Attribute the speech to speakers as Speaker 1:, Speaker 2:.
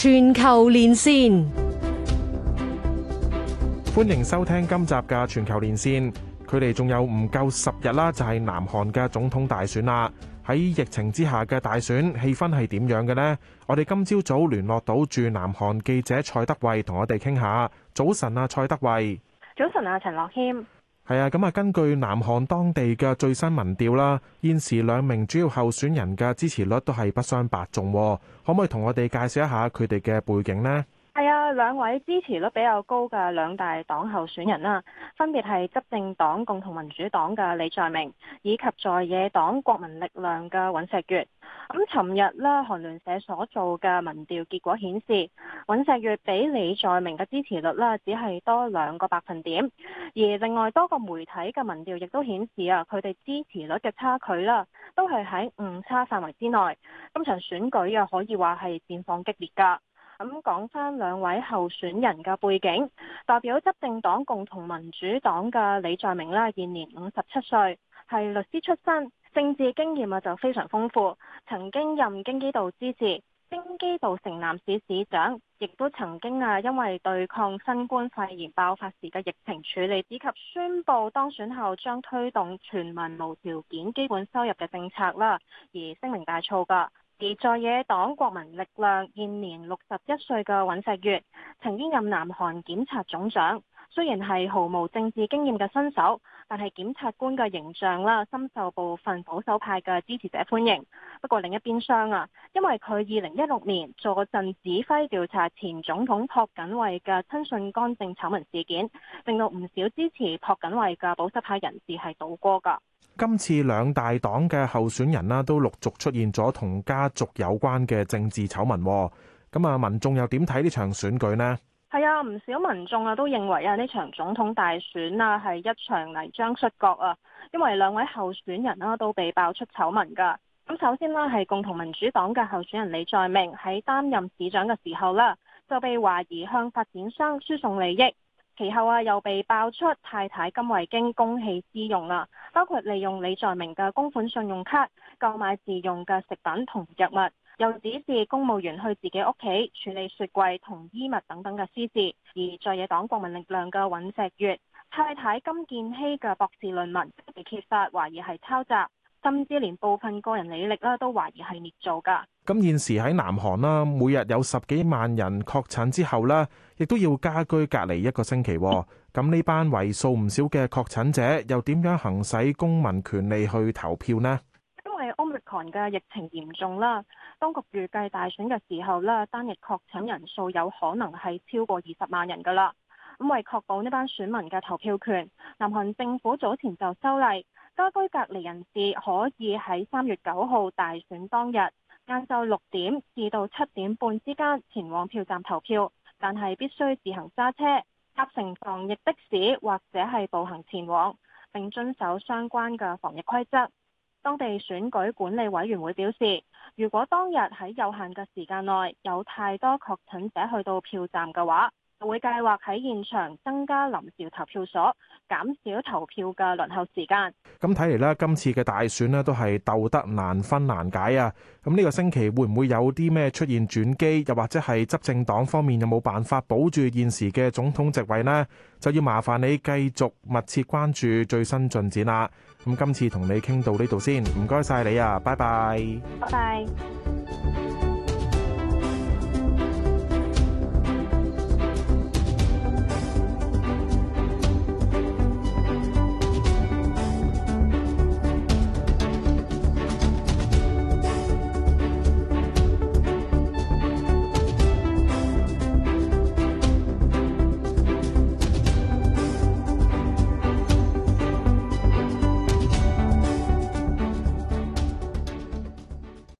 Speaker 1: 全球連線，歡迎收聽今集嘅全球連線。距離仲有唔夠十日啦，就係南韓嘅總統大選啦。喺疫情之下嘅大選，氣氛係點樣嘅呢？我哋今朝早聯絡到駐南韓記者蔡德蕙，同我哋傾下。早晨啊，蔡德蕙。
Speaker 2: 早晨啊，陳樂謙。
Speaker 1: 係啊，咁啊，根據南韓當地嘅最新民調啦，現時兩名主要候選人嘅支持率都係不相伯仲，可唔可以同我哋介紹一下佢哋嘅背景呢？
Speaker 2: 係啊，兩位支持率比較高嘅兩大黨候選人啦，分別係執政黨共同民主黨嘅李在明，以及在野黨國民力量嘅尹錫悅。咁尋日咧，韓聯社所做嘅民調結果顯示，尹錫悅比李在明嘅支持率咧，只係多兩個百分點，而另外多個媒體嘅民調亦都顯示啊，佢哋支持率嘅差距啦，都係喺誤差範圍之內。今場選舉又可以話係戰況激烈噶。咁講翻兩位候選人嘅背景，代表執政黨共同民主黨嘅李在明咧，現年五十七歲，係律師出身。政治經驗啊就非常豐富，曾經任京畿道知事、京畿道城南市市長，亦都曾經啊因為對抗新冠肺炎爆發時嘅疫情處理，以及宣布當選後將推動全民無條件基本收入嘅政策啦，而聲名大噪噶。而在野黨國民力量現年六十一歲嘅尹錫悅，曾經任南韓檢察總長。雖然係毫無政治經驗嘅新手，但係檢察官嘅形象啦，深受部分保守派嘅支持者歡迎。不過另一邊廂啊，因為佢二零一六年坐鎮指揮調查前總統朴槿惠嘅親信干政醜聞事件，令到唔少支持朴槿惠嘅保守派人士係倒戈㗎。
Speaker 1: 今次兩大黨嘅候選人啦，都陸續出現咗同家族有關嘅政治醜聞。咁、哦、啊，民眾又點睇呢場選舉呢？
Speaker 2: 係啊，唔少民眾啊都認為啊呢場總統大選啊係一場泥漿摔角啊，因為兩位候選人啦都被爆出醜聞㗎。咁首先呢，係共同民主黨嘅候選人李在明喺擔任市長嘅時候啦，就被懷疑向發展商輸送利益，其後啊又被爆出太太金惠京公器私用啦，包括利用李在明嘅公款信用卡購買自用嘅食品同藥物。又指示公務員去自己屋企處理雪櫃同衣物等等嘅私事，而在野黨國民力量嘅尹錫悅太太金建希嘅博士論文被揭發，懷疑係抄襲，甚至連部分個人履歷啦都懷疑係捏造噶。
Speaker 1: 咁現時喺南韓啦，每日有十幾萬人確診之後啦，亦都要家居隔離一個星期。咁呢班為數唔少嘅確診者又點樣行使公民權利去投票呢？
Speaker 2: 因為 Omicron 嘅疫情嚴重啦。當局預計大選嘅時候咧，單日確診人數有可能係超過二十萬人噶啦。咁為確保呢班選民嘅投票權，南韓政府早前就修例，家居隔離人士可以喺三月九號大選當日晏晝六點至到七點半之間前往票站投票，但係必須自行揸車、搭乘、乘防疫的士或者係步行前往，並遵守相關嘅防疫規則。當地選舉管理委員會表示，如果當日喺有限嘅時間內有太多確診者去到票站嘅話，就會計劃喺現場增加臨時投票所，減少投票嘅輪候時間。
Speaker 1: 咁睇嚟咧，今次嘅大選咧都係鬥得難分難解啊！咁、這、呢個星期會唔會有啲咩出現轉機？又或者係執政黨方面有冇辦法保住現時嘅總統席位呢？就要麻煩你繼續密切關注最新進展啦！咁今次同你傾到呢度先，唔該晒你啊！拜拜，拜
Speaker 2: 拜。